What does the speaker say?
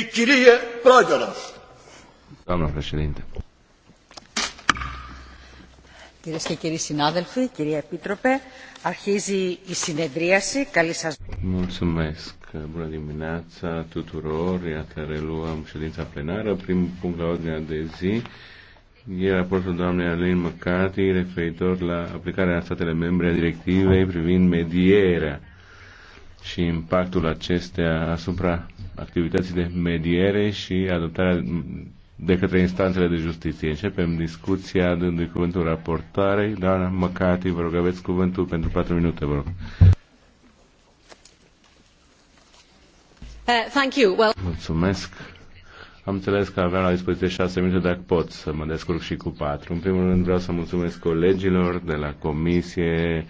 Echirie Pragaras. Doamna președinte. Κυρίες και κύριοι συνάδελφοι, κυρία Επίτροπε, αρχίζει η συνεδρίαση. Καλή σας... Mulțumesc. Bună dimineața tuturor. Iată, reluăm ședința plenară. Primul punct la ordinea de zi e raportul doamnei Alin McCarthy referitor la aplicarea în statele membre a directivei privind medierea și impactul acestea asupra activității de mediere și adoptarea de către instanțele de justiție. Începem discuția dându-i cuvântul raportarei. Doamna Măcati, vă rog, aveți cuvântul pentru 4 minute, vă rog. Uh, thank you. Well... Mulțumesc. Am înțeles că aveam la dispoziție 6 minute, dacă pot să mă descurc și cu 4. În primul rând vreau să mulțumesc colegilor de la comisie,